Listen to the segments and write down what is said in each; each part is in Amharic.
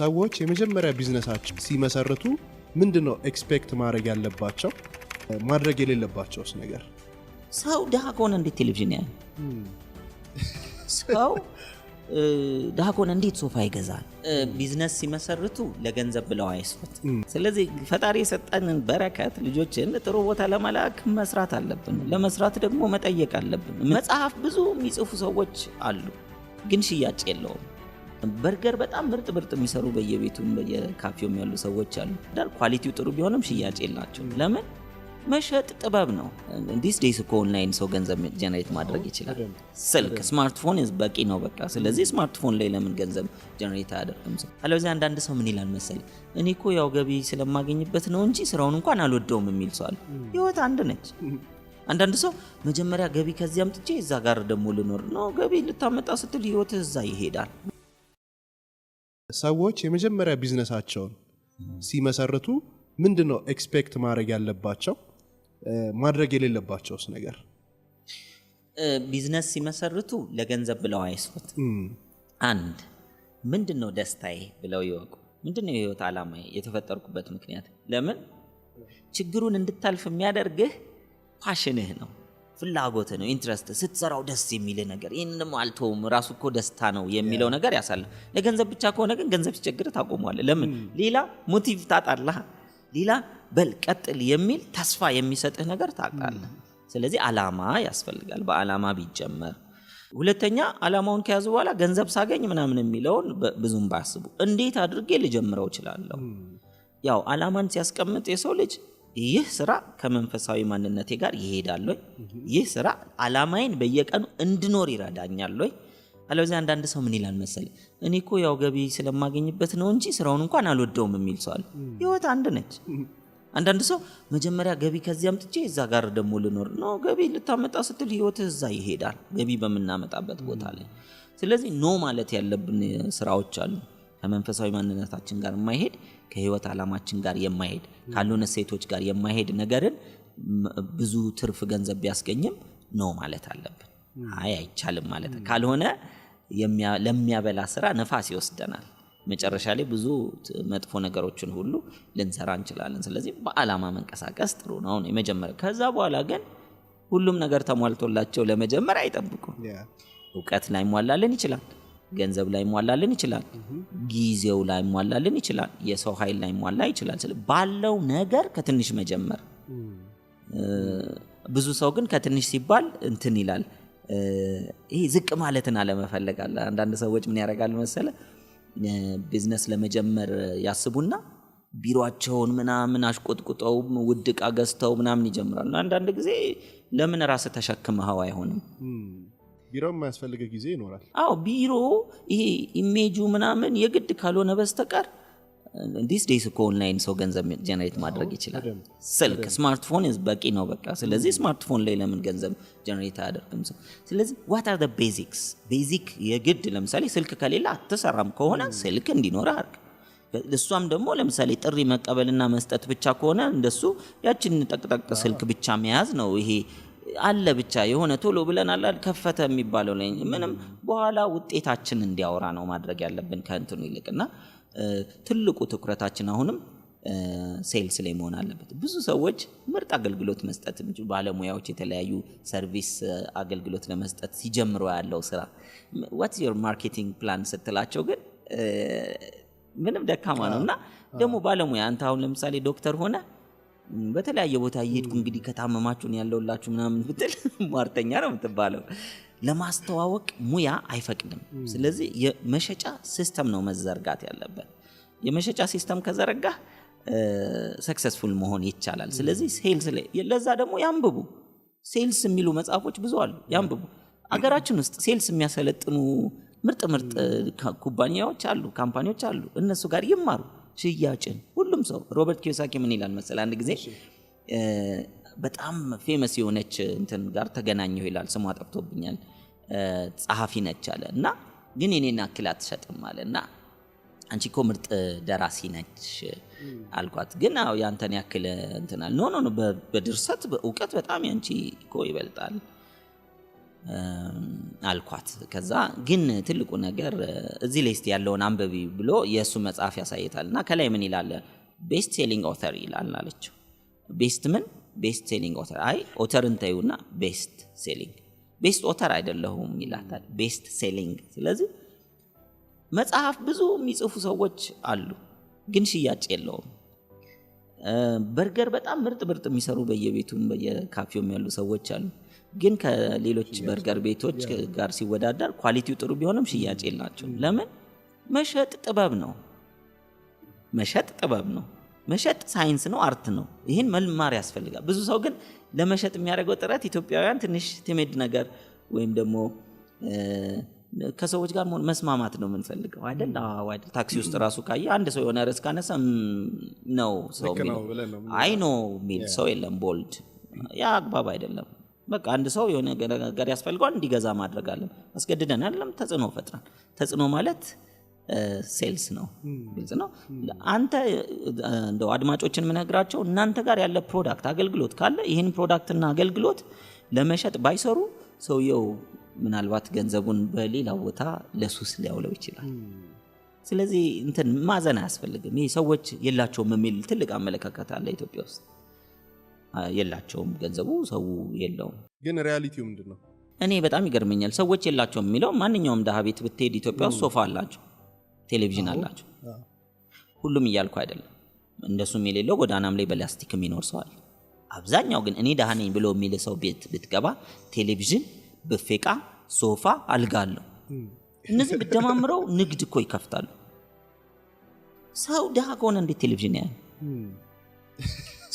ሰዎች የመጀመሪያ ቢዝነሳቸው ሲመሰርቱ ምንድን ነው ኤክስፔክት ማድረግ ያለባቸው ማድረግ የሌለባቸውስ ነገር? ሰው ድሀ ከሆነ እንዴት ቴሌቪዥን ያያል? ሰው ድሀ ከሆነ እንዴት ሶፋ ይገዛል? ቢዝነስ ሲመሰርቱ ለገንዘብ ብለው አይስሩት። ስለዚህ ፈጣሪ የሰጠንን በረከት ልጆችን ጥሩ ቦታ ለመላክ መስራት አለብን። ለመስራት ደግሞ መጠየቅ አለብን። መጽሐፍ ብዙ የሚጽፉ ሰዎች አሉ፣ ግን ሽያጭ የለውም በርገር በጣም ምርጥ ምርጥ የሚሰሩ በየቤቱም በየካፌውም ያሉ ሰዎች አሉ። ዳር ኳሊቲው ጥሩ ቢሆንም ሽያጭ የላቸው። ለምን መሸጥ ጥበብ ነው። ዲስ ዴይስ እኮ ኦንላይን ሰው ገንዘብ ጀነሬት ማድረግ ይችላል። ስልክ ስማርትፎን በቂ ነው በቃ። ስለዚህ ስማርትፎን ላይ ለምን ገንዘብ ጀነሬት አያደርግም ሰው? አለበዚያ አንዳንድ ሰው ምን ይላል መሰል እኔ እኮ ያው ገቢ ስለማገኝበት ነው እንጂ ስራውን እንኳን አልወደውም የሚል ሰዋል ህይወት አንድ ነች። አንዳንድ ሰው መጀመሪያ ገቢ ከዚህ አምጥቼ እዛ ጋር ደግሞ ልኖር ነው ገቢ ልታመጣ ስትል ህይወት እዛ ይሄዳል። ሰዎች የመጀመሪያ ቢዝነሳቸውን ሲመሰርቱ ምንድን ነው ኤክስፔክት ማድረግ ያለባቸው ማድረግ የሌለባቸውስ ነገር? ቢዝነስ ሲመሰርቱ ለገንዘብ ብለው አይስፉት አንድ ምንድን ነው ደስታዬ ብለው ይወቁ። ምንድን ነው የህይወት ዓላማ፣ የተፈጠርኩበት ምክንያት። ለምን ችግሩን እንድታልፍ የሚያደርግህ ፓሽንህ ነው ፍላጎት ነው ኢንትረስት ስትሰራው ደስ የሚል ነገር ይህን ደሞ አልተውም ራሱ እኮ ደስታ ነው የሚለው ነገር ያሳለ ለገንዘብ ብቻ ከሆነ ግን ገንዘብ ሲቸግር ታቆመዋለ ለምን ሌላ ሞቲቭ ታጣላ ሌላ በል ቀጥል የሚል ተስፋ የሚሰጥህ ነገር ታጣለ ስለዚህ አላማ ያስፈልጋል በአላማ ቢጀመር ሁለተኛ አላማውን ከያዙ በኋላ ገንዘብ ሳገኝ ምናምን የሚለውን ብዙም ባስቡ እንዴት አድርጌ ልጀምረው እችላለሁ ያው አላማን ሲያስቀምጥ የሰው ልጅ ይህ ስራ ከመንፈሳዊ ማንነቴ ጋር ይሄዳል ወይ? ይህ ስራ አላማዬን በየቀኑ እንድኖር ይረዳኛል ወይ? አለበዚያ አንዳንድ ሰው ምን ይላል መሰለ እኔ እኮ ያው ገቢ ስለማገኝበት ነው እንጂ ስራውን እንኳን አልወደውም የሚል ሰዋል ህይወት አንድ ነች። አንዳንድ ሰው መጀመሪያ ገቢ ከዚህ አምጥቼ እዛ ጋር ደግሞ ልኖር ኖ ገቢ ልታመጣ ስትል ህይወት እዛ ይሄዳል፣ ገቢ በምናመጣበት ቦታ ላይ። ስለዚህ ኖ ማለት ያለብን ስራዎች አሉ። ከመንፈሳዊ ማንነታችን ጋር የማይሄድ ከህይወት ዓላማችን ጋር የማይሄድ ካሉን ሴቶች ጋር የማይሄድ ነገርን ብዙ ትርፍ ገንዘብ ቢያስገኝም ነው ማለት አለብን። አይ አይቻልም ማለት ካልሆነ ለሚያበላ ስራ ነፋስ ይወስደናል። መጨረሻ ላይ ብዙ መጥፎ ነገሮችን ሁሉ ልንሰራ እንችላለን። ስለዚህ በዓላማ መንቀሳቀስ ጥሩ ነው ነው የመጀመሪያ። ከዛ በኋላ ግን ሁሉም ነገር ተሟልቶላቸው ለመጀመር አይጠብቁም። እውቀት ሟላለን ይችላል። ገንዘብ ላይ ሟላልን ይችላል። ጊዜው ላይ ሟላልን ይችላል። የሰው ኃይል ላይ ሟላ ይችላል። ባለው ነገር ከትንሽ መጀመር። ብዙ ሰው ግን ከትንሽ ሲባል እንትን ይላል። ይሄ ዝቅ ማለትን አለመፈለግ አንዳንድ ሰዎች ምን ያደርጋል መሰለ ቢዝነስ ለመጀመር ያስቡና ቢሮቸውን ምናምን አሽቆጥቁጠው ውድ እቃ ገዝተው ምናምን ይጀምራሉ። አንዳንድ ጊዜ ለምን ራስ ተሸክመኸው አይሆንም ቢሮ የማያስፈልገ ጊዜ ይኖራል። አዎ ቢሮ ይሄ ኢሜጁ ምናምን የግድ ካልሆነ በስተቀር ዲስ ዴይስ እኮ ኦንላይን ሰው ገንዘብ ጀነሬት ማድረግ ይችላል። ስልክ ስማርትፎን በቂ ነው በቃ። ስለዚህ ስማርትፎን ላይ ለምን ገንዘብ ጀነሬት አያደርግም ሰው? ስለዚህ ዋት አር ቤዚክስ ቤዚክ የግድ ለምሳሌ ስልክ ከሌለ አትሰራም ከሆነ ስልክ እንዲኖር አርግ እሷም ደግሞ ለምሳሌ ጥሪ መቀበልና መስጠት ብቻ ከሆነ እንደሱ ያችን ጠቅጠቅ ስልክ ብቻ መያዝ ነው ይሄ አለ ብቻ የሆነ ቶሎ ብለን አላል ከፈተ የሚባለው ላይ ምንም በኋላ ውጤታችን እንዲያወራ ነው ማድረግ ያለብን ከእንትኑ ይልቅና ትልቁ ትኩረታችን አሁንም ሴልስ ላይ መሆን አለበት። ብዙ ሰዎች ምርጥ አገልግሎት መስጠት ባለሙያዎች የተለያዩ ሰርቪስ አገልግሎት ለመስጠት ሲጀምሮ ያለው ስራ ዋት ዮር ማርኬቲንግ ፕላን ስትላቸው ግን ምንም ደካማ ነው እና ደግሞ ባለሙያ አንተ አሁን ለምሳሌ ዶክተር ሆነ በተለያየ ቦታ እየሄድኩ እንግዲህ ከታመማችሁን ያለውላችሁ ምናምን ብትል ሟርተኛ ነው የምትባለው። ለማስተዋወቅ ሙያ አይፈቅድም። ስለዚህ የመሸጫ ሲስተም ነው መዘርጋት ያለበት። የመሸጫ ሲስተም ከዘረጋ ሰክሰስፉል መሆን ይቻላል። ስለዚህ ሴልስ ላይ ለዛ ደግሞ ያንብቡ። ሴልስ የሚሉ መጽሐፎች ብዙ አሉ፣ ያንብቡ። አገራችን ውስጥ ሴልስ የሚያሰለጥኑ ምርጥ ምርጥ ኩባንያዎች አሉ፣ ካምፓኒዎች አሉ። እነሱ ጋር ይማሩ። ሽያጭን ሁሉም ሰው ሮበርት ኪዮሳኪ ምን ይላል መሰል አንድ ጊዜ በጣም ፌመስ የሆነች እንትን ጋር ተገናኘሁ ይላል። ስሟ ጠፍቶብኛል። ጸሐፊ ነች አለ እና ግን የኔን አክል አትሸጥም አለ እና አንቺ ኮ ምርጥ ደራሲ ነች አልኳት። ግን ያንተን ያክል እንትናል ኖ ኖ በድርሰት በእውቀት በጣም ያንቺ እኮ ይበልጣል አልኳት። ከዛ ግን ትልቁ ነገር እዚህ ላይ እስቲ ያለውን አንበቢ ብሎ የእሱ መጽሐፍ ያሳይታል እና ከላይ ምን ይላለ ቤስት ሴሊንግ ኦተር ይላል አለችው። ቤስት ምን ቤስት ሴሊንግ ኦተር። አይ ኦተር እንተዩና ቤስት ሴሊንግ ቤስት ኦተር አይደለሁም ይላታል። ቤስት ሴሊንግ። ስለዚህ መጽሐፍ ብዙ የሚጽፉ ሰዎች አሉ፣ ግን ሽያጭ የለውም። በርገር በጣም ምርጥ ምርጥ የሚሰሩ በየቤቱም በየካፌውም ያሉ ሰዎች አሉ። ግን ከሌሎች በርገር ቤቶች ጋር ሲወዳደር ኳሊቲው ጥሩ ቢሆንም ሽያጭ የላቸው። ለምን? መሸጥ ጥበብ ነው። መሸጥ ጥበብ ነው። መሸጥ ሳይንስ ነው፣ አርት ነው። ይህን መልማር ያስፈልጋል። ብዙ ሰው ግን ለመሸጥ የሚያደርገው ጥረት ኢትዮጵያውያን ትንሽ ትሜድ ነገር ወይም ደግሞ ከሰዎች ጋር መስማማት ነው የምንፈልገው አይደል? አይደል? ታክሲ ውስጥ ራሱ ካየ አንድ ሰው የሆነ ርዕስ ካነሳ ነው ሰው አይ ኖ ሚል ሰው የለም። ቦልድ ያ አግባብ አይደለም። በቃ አንድ ሰው የሆነ ነገር ያስፈልገዋል እንዲገዛ ማድረግ አለ አስገድደን አይደለም፣ ተጽዕኖ ፈጥራል። ተጽዕኖ ማለት ሴልስ ነው። ግልጽ ነው። አንተ እንደው አድማጮችን የምነግራቸው እናንተ ጋር ያለ ፕሮዳክት አገልግሎት ካለ ይህን ፕሮዳክትና አገልግሎት ለመሸጥ ባይሰሩ ሰውየው ምናልባት ገንዘቡን በሌላ ቦታ ለሱስ ሊያውለው ይችላል። ስለዚህ እንትን ማዘን አያስፈልግም። ይህ ሰዎች የላቸውም የሚል ትልቅ አመለካከት አለ ኢትዮጵያ ውስጥ። የላቸውም ገንዘቡ ሰው የለውም። ግን ሪያሊቲው ምንድን ነው? እኔ በጣም ይገርመኛል። ሰዎች የላቸውም የሚለው ማንኛውም ድሀ ቤት ብትሄድ ኢትዮጵያ ውስጥ ሶፋ አላቸው፣ ቴሌቪዥን አላቸው። ሁሉም እያልኩ አይደለም። እንደሱም የሌለው ጎዳናም ላይ በላስቲክ የሚኖር ሰዋል። አብዛኛው ግን እኔ ድሀ ነኝ ብሎ የሚል ሰው ቤት ብትገባ ቴሌቪዥን ብፌቃ ሶፋ፣ አልጋ አለው። እነዚህ ብደማምረው ንግድ እኮ ይከፍታሉ። ሰው ድሃ ከሆነ እንዴት ቴሌቪዥን ያ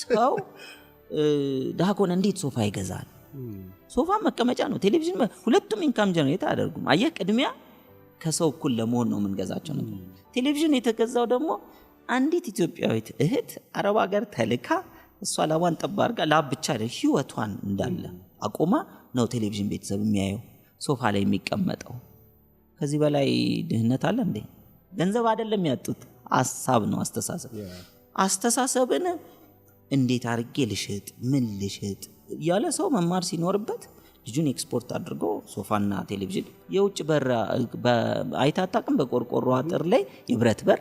ሰው ድሃ ከሆነ እንዴት ሶፋ ይገዛል? ሶፋ መቀመጫ ነው። ቴሌቪዥን ሁለቱም ኢንካም ጀነሬት አያደርጉም። አየ ቅድሚያ ከሰው እኩል ለመሆን ነው የምንገዛቸው ነገር። ቴሌቪዥን የተገዛው ደግሞ አንዲት ኢትዮጵያዊት እህት አረብ ሀገር ተልካ እሷ ላቧን ጠባርጋ ላብ ብቻ ህይወቷን እንዳለ አቆማ ነው ቴሌቪዥን ቤተሰብ የሚያየው ሶፋ ላይ የሚቀመጠው። ከዚህ በላይ ድህነት አለ እንዴ? ገንዘብ አይደለም ያጡት፣ ሀሳብ ነው አስተሳሰብ። አስተሳሰብን እንዴት አርጌ ልሽጥ፣ ምን ልሽጥ ያለ ሰው መማር ሲኖርበት ልጁን ኤክስፖርት አድርጎ ሶፋና ቴሌቪዥን የውጭ በር አይታጣቅም። በቆርቆሮ አጥር ላይ የብረት በር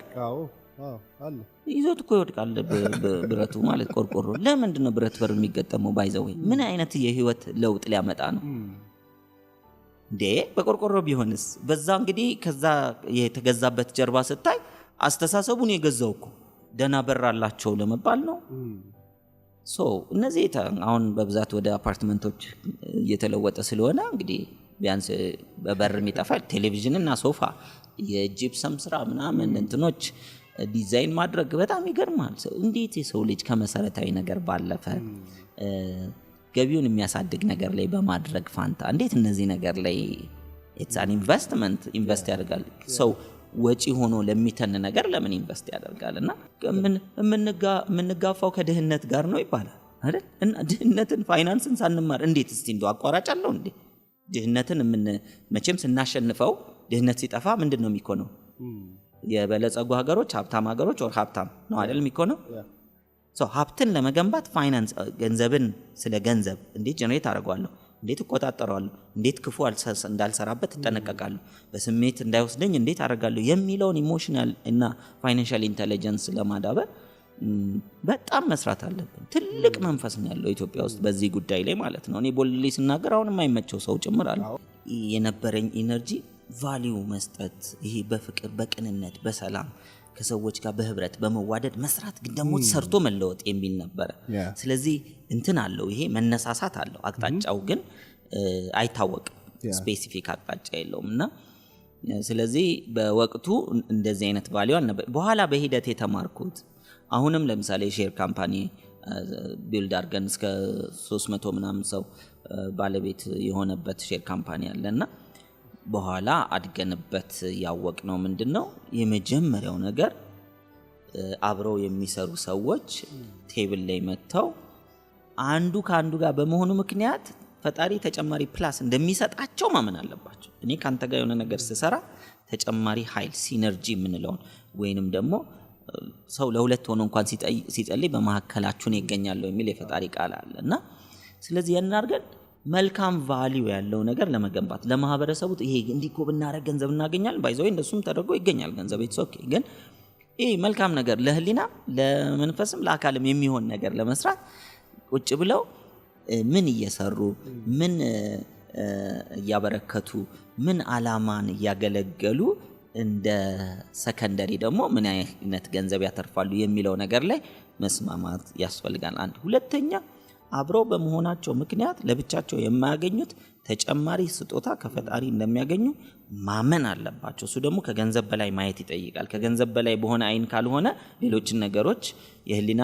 ይዞት እኮ ይወድቃል ብረቱ ማለት ቆርቆሮ። ለምንድን ነው ብረት በር የሚገጠመው? ባይዘው ምን አይነት የህይወት ለውጥ ሊያመጣ ነው እንዴ? በቆርቆሮ ቢሆንስ? በዛ እንግዲህ ከዛ የተገዛበት ጀርባ ስታይ አስተሳሰቡን የገዛው እኮ ደህና በር አላቸው ለመባል ነው። ሶ እነዚህ አሁን በብዛት ወደ አፓርትመንቶች እየተለወጠ ስለሆነ እንግዲህ ቢያንስ በበር የሚጠፋ ቴሌቪዥንና ሶፋ የጂፕሰም ስራ ምናምን እንትኖች ዲዛይን ማድረግ በጣም ይገርማል። እንዴት የሰው ልጅ ከመሰረታዊ ነገር ባለፈ ገቢውን የሚያሳድግ ነገር ላይ በማድረግ ፋንታ እንዴት እነዚህ ነገር ላይ ኢትሳን ኢንቨስትመንት ኢንቨስት ያደርጋል ሰው ወጪ ሆኖ ለሚተን ነገር ለምን ኢንቨስት ያደርጋል? እና የምንጋፋው ከድህነት ጋር ነው ይባላል አይደል? እና ድህነትን ፋይናንስን ሳንማር እንዴት እስቲ እንደ አቋራጭ አለው እንዴ? ድህነትን መቼም ስናሸንፈው ድህነት ሲጠፋ ምንድን ነው የሚኮነው? የበለጸጉ ሀገሮች ሀብታም ሀገሮች ወር ሀብታም ነው አይደል የሚኮነው ሀብትን ለመገንባት ፋይናንስ uh, ገንዘብን ስለ ገንዘብ እንዴት ጀኔሬት አደርገዋለሁ እንዴት እቆጣጠረዋለሁ እንዴት ክፉ እንዳልሰራበት እጠነቀቃለሁ በስሜት እንዳይወስደኝ እንዴት አደርጋለሁ የሚለውን ኢሞሽናል እና ፋይናንሻል ኢንቴሊጀንስ ለማዳበር በጣም መስራት አለብን። ትልቅ mm. መንፈስ ነው ያለው ኢትዮጵያ ውስጥ በዚህ ጉዳይ ላይ ማለት ነው። እኔ ቦልሌ ስናገር አሁን የማይመቸው ሰው ጭምር አለ። የነበረኝ ኢነርጂ ቫሊዩ መስጠት ይሄ በፍቅር በቅንነት በሰላም ከሰዎች ጋር በህብረት በመዋደድ መስራት ግን ደግሞ ሰርቶ መለወጥ የሚል ነበረ። ስለዚህ እንትን አለው ይሄ መነሳሳት አለው። አቅጣጫው ግን አይታወቅም፣ ስፔሲፊክ አቅጣጫ የለውም እና ስለዚህ በወቅቱ እንደዚህ አይነት ቫሊዩ አልነበር። በኋላ በሂደት የተማርኩት አሁንም ለምሳሌ ሼር ካምፓኒ ቢልድ አርገን እስከ 300 ምናምን ሰው ባለቤት የሆነበት ሼር ካምፓኒ አለ እና በኋላ አድገንበት ነው ምንድን ነው? የመጀመሪያው ነገር አብረው የሚሰሩ ሰዎች ቴብል ላይ መጥተው አንዱ ከአንዱ ጋር በመሆኑ ምክንያት ፈጣሪ ተጨማሪ ፕላስ እንደሚሰጣቸው ማመን አለባቸው። እኔ ከአንተ ጋር የሆነ ነገር ስሰራ ተጨማሪ ሀይል ሲነርጂ የምንለውን ወይንም ደግሞ ሰው ለሁለት ሆኖ እንኳን ሲጸልይ በመካከላችሁን ይገኛለሁ የሚል የፈጣሪ ቃል አለ እና ስለዚህ ያን አድርገን መልካም ቫሊዩ ያለው ነገር ለመገንባት ለማህበረሰቡ ይሄ እንዲኮ ብናደረግ ገንዘብ እናገኛለን ባይዘ እንደሱም ተደርጎ ይገኛል ገንዘብ ኢትስ ግን ይህ መልካም ነገር ለህሊና ለመንፈስም ለአካልም የሚሆን ነገር ለመስራት ቁጭ ብለው ምን እየሰሩ ምን እያበረከቱ ምን አላማን እያገለገሉ እንደ ሰከንደሪ ደግሞ ምን አይነት ገንዘብ ያተርፋሉ የሚለው ነገር ላይ መስማማት ያስፈልጋል አንድ ሁለተኛ አብረው በመሆናቸው ምክንያት ለብቻቸው የማያገኙት ተጨማሪ ስጦታ ከፈጣሪ እንደሚያገኙ ማመን አለባቸው። እሱ ደግሞ ከገንዘብ በላይ ማየት ይጠይቃል። ከገንዘብ በላይ በሆነ አይን ካልሆነ ሌሎችን ነገሮች የህሊና፣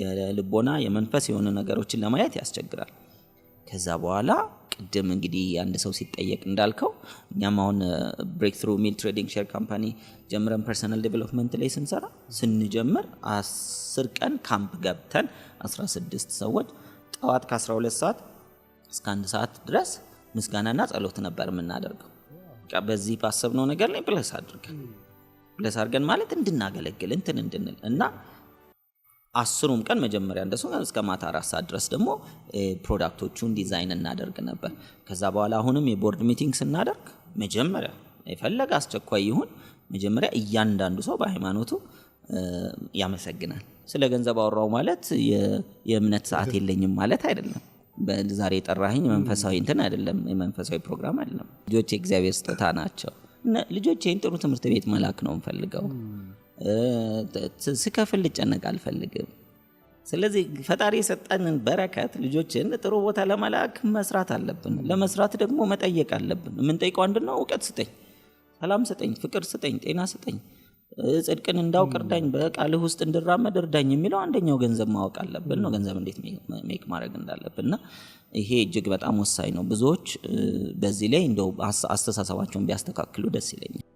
የልቦና፣ የመንፈስ የሆኑ ነገሮችን ለማየት ያስቸግራል። ከዛ በኋላ ቅድም እንግዲህ አንድ ሰው ሲጠየቅ እንዳልከው እኛም አሁን ብሬክትሩ ሚል ትሬዲንግ ሼር ካምፓኒ ጀምረን ፐርሰናል ዴቨሎፕመንት ላይ ስንሰራ ስንጀምር አስር ቀን ካምፕ ገብተን 16 ሰዎች ጠዋት ከ12 ሰዓት እስከ አንድ ሰዓት ድረስ ምስጋናና ጸሎት ነበር የምናደርገው። በዚህ ባሰብነው ነገር ላይ ብለስ አድርገን ብለስ አድርገን ማለት እንድናገለግል እንትን እንድንል እና አስሩም ቀን መጀመሪያ እንደሱ እስከ ማታ አራሳ ድረስ ደግሞ ፕሮዳክቶቹን ዲዛይን እናደርግ ነበር። ከዛ በኋላ አሁንም የቦርድ ሚቲንግ ስናደርግ መጀመሪያ የፈለገ አስቸኳይ ይሁን መጀመሪያ እያንዳንዱ ሰው በሃይማኖቱ ያመሰግናል። ስለ ገንዘብ አወራው ማለት የእምነት ሰዓት የለኝም ማለት አይደለም። ዛሬ የጠራኝ መንፈሳዊ እንትን አይደለም፣ የመንፈሳዊ ፕሮግራም አይደለም። ልጆች የእግዚአብሔር ስጦታ ናቸው። ልጆች ጥሩ ትምህርት ቤት መላክ ነው የምፈልገው ስከፍል ልጨነቅ አልፈልግም። ስለዚህ ፈጣሪ የሰጠንን በረከት ልጆችን ጥሩ ቦታ ለመላክ መስራት አለብን። ለመስራት ደግሞ መጠየቅ አለብን። የምንጠይቀው አንድ ነው፣ እውቀት ስጠኝ፣ ሰላም ስጠኝ፣ ፍቅር ስጠኝ፣ ጤና ስጠኝ፣ ጽድቅን እንዳውቅ እርዳኝ፣ በቃልህ ውስጥ እንድራመድ እርዳኝ የሚለው አንደኛው ገንዘብ ማወቅ አለብን ነው። ገንዘብ እንዴት ሜክ ማድረግ እንዳለብን እና ይሄ እጅግ በጣም ወሳኝ ነው። ብዙዎች በዚህ ላይ እንደው አስተሳሰባቸውን ቢያስተካክሉ ደስ ይለኛል።